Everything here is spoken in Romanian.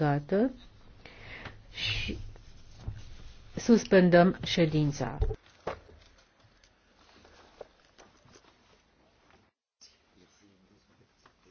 ridicată și suspendăm ședința.